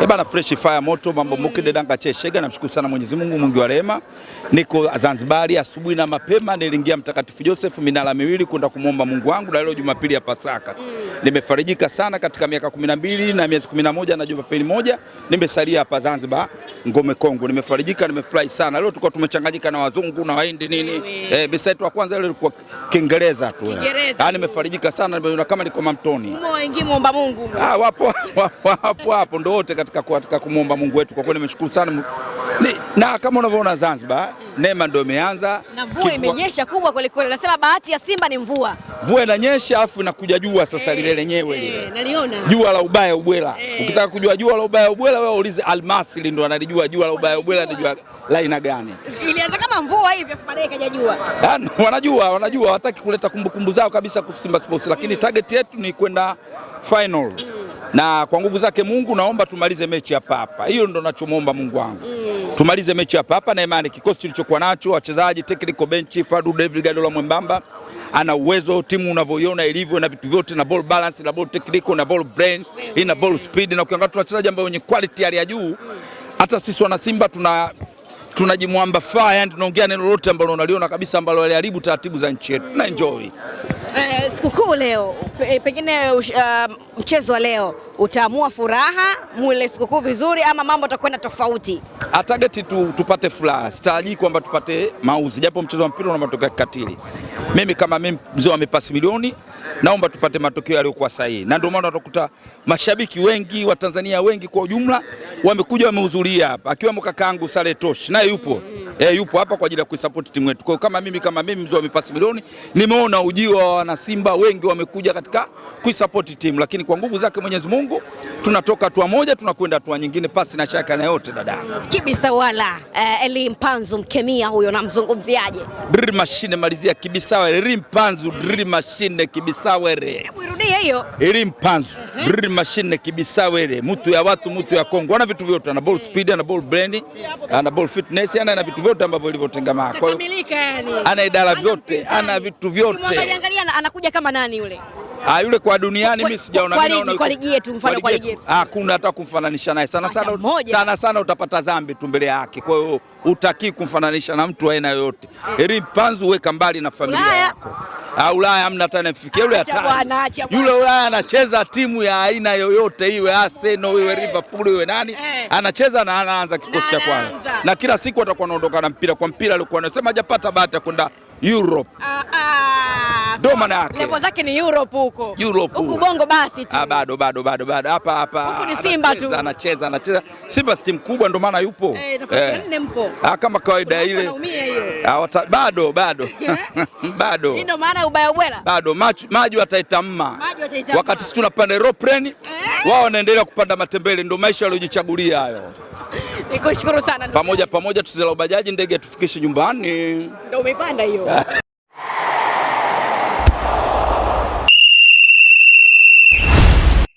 Ebana eh fresh fire moto mambo muki dedanga cheshega. Namshukuru sana Mwenyezi Mungu mwingi wa rehema. Niko Zanzibar asubuhi na mapema, niliingia Mtakatifu Joseph minara miwili kwenda kumwomba Mungu wangu, na leo Jumapili ya Pasaka mm. nimefarijika sana katika miaka 12 na miezi 11 na Jumapili moja nimesalia hapa Zanzibar ngome Kongo. Nimefarijika, nimefurahi sana leo. Tulikuwa tumechanganyika na wazungu na wahindi nini, eh bisa yetu ya kwanza ile ilikuwa Kiingereza tu, Ah, nimefarijika sana kama niko Mamtoni. muomba Mungu. Ah, wapo wapo hapo ndio wote katika, katika kumwomba Mungu wetu. Kwa kweli nimeshukuru sana na kama unavyoona Zanzibar neema ndio imeanza na mvua imenyesha kubwa kweli kweli. Nasema bahati ya Simba ni mvua, mvua inanyesha afu inakuja jua sasa lile eh, lenyewe eh, lile naliona jua la ubaya ubwela hey. Eh. Ukitaka kujua jua la ubaya ubwela wewe ulize Almasi, ndo analijua jua la ubaya ubwela ni jua la aina gani. Ilianza kama mvua hivi afu baadaye kaja jua. Ah, wanajua, wanajua, hawataki kuleta kumbukumbu zao kabisa kwa Simba Sports, lakini mm. target yetu ni kwenda final mm na kwa nguvu zake Mungu naomba tumalize mechi hapa hapa. Hiyo ndo nachomwomba Mungu wangu mm. tumalize mechi hapa hapa na imani kikosi tulichokuwa nacho, wachezaji, technical bench, Fadu David Gadola mwembamba ana uwezo, timu unavyoiona ilivyo na vitu vyote na ball balance na ball technical na ball brain ina ball speed, na ukiangalia tuna wachezaji ambao wenye quality hali ya juu. Hata sisi wana Simba tuna tunajimwamba fire, yani tunaongea neno lolote ambalo unaliona kabisa ambalo aliharibu taratibu za nchi yetu na enjoy Eh, sikukuu leo eh, pengine uh, mchezo wa leo utaamua furaha mule sikukuu vizuri, ama mambo atakwenda tofauti. Target tu, tupate furaha, sitarajii kwamba tupate mauzi, japo mchezo wa mpira una matokeo ya kikatili. Mimi kama mimi mzee wa mipasi milioni, naomba tupate matokeo yaliyokuwa sahihi, na ndio maana utakuta mashabiki wengi wa Tanzania wengi kwa ujumla wamekuja wamehudhuria hapa, akiwemo kakaangu Sale Tosh naye yupo eh, yupo hapa kwa ajili ya kuisupport timu yetu. Kwa hiyo kama mimi kama mimi mzee mipasi milioni nimeona ujio wa wana Simba wengi wamekuja katika kuisupport timu, lakini kwa nguvu zake Mwenyezi Mungu tunatoka hatua moja tunakwenda hatua nyingine pasi na shaka na yote dada. Kibisa wala eh, Eli Mpanzu mkemia huyo namzungumziaje? Drill machine malizia Kibisawa Eli Mpanzu drill machine kibisa Kibisawere. Hebu irudie hiyo. Eli Mpanzu mhm. drill machine kibisa Kibisawere. mtu ya watu mtu ya Kongo. Ana vitu vyote, ana ball speed, ana ball blending, ana ball fitness, ana vitu vyote ambavyo vilivyotengamaa. Kwa hiyo ana idara vyote, ana vitu vyote. Angalia anakuja kama nani yule? Ah, yule kwa duniani mimi sijaona kwa ligi yetu mfano kwa ligi yetu. Ah, hakuna hata kumfananisha naye sana sana, sana sana utapata dhambi tu mbele yake. Kwa hiyo utaki kumfananisha na mtu aina yoyote. Heri eh. mpanzu weka mbali na familia yako. Ah, Ulaya hamna hata anafikia yule hatari. Yule Ulaya anacheza timu ya aina yoyote iwe Arsenal iwe eh. Liverpool iwe nani hey. Eh. anacheza na anaanza kikosi cha kwanza na kila siku atakuwa anaondoka na mpira kwa mpira, alikuwa anasema hajapata bahati ya kwenda Europe. Ah, ah, Ndio maana yake. Lepo zake ni Europe huko. Europe. Huko Bongo basi tu. Ah, bado bado bado bado. Hapa hapa. Huko ni Simba tu. Anacheza anacheza. Simba si timu kubwa ndio maana yupo. Eh, nafasi eh. nne mpo. Ah, kama kawaida ile. hiyo. Awata, bado bado bado ndio maana ubaya ubwela bado maji wataitamma wakati sisi tunapanda aeroplane eh, wao wanaendelea kupanda matembele. Ndio maisha waliojichagulia hayo. Nikushukuru sana pamoja pamoja, tusizalau ubajaji ndege tufikishe nyumbani. Ndio umepanda hiyo.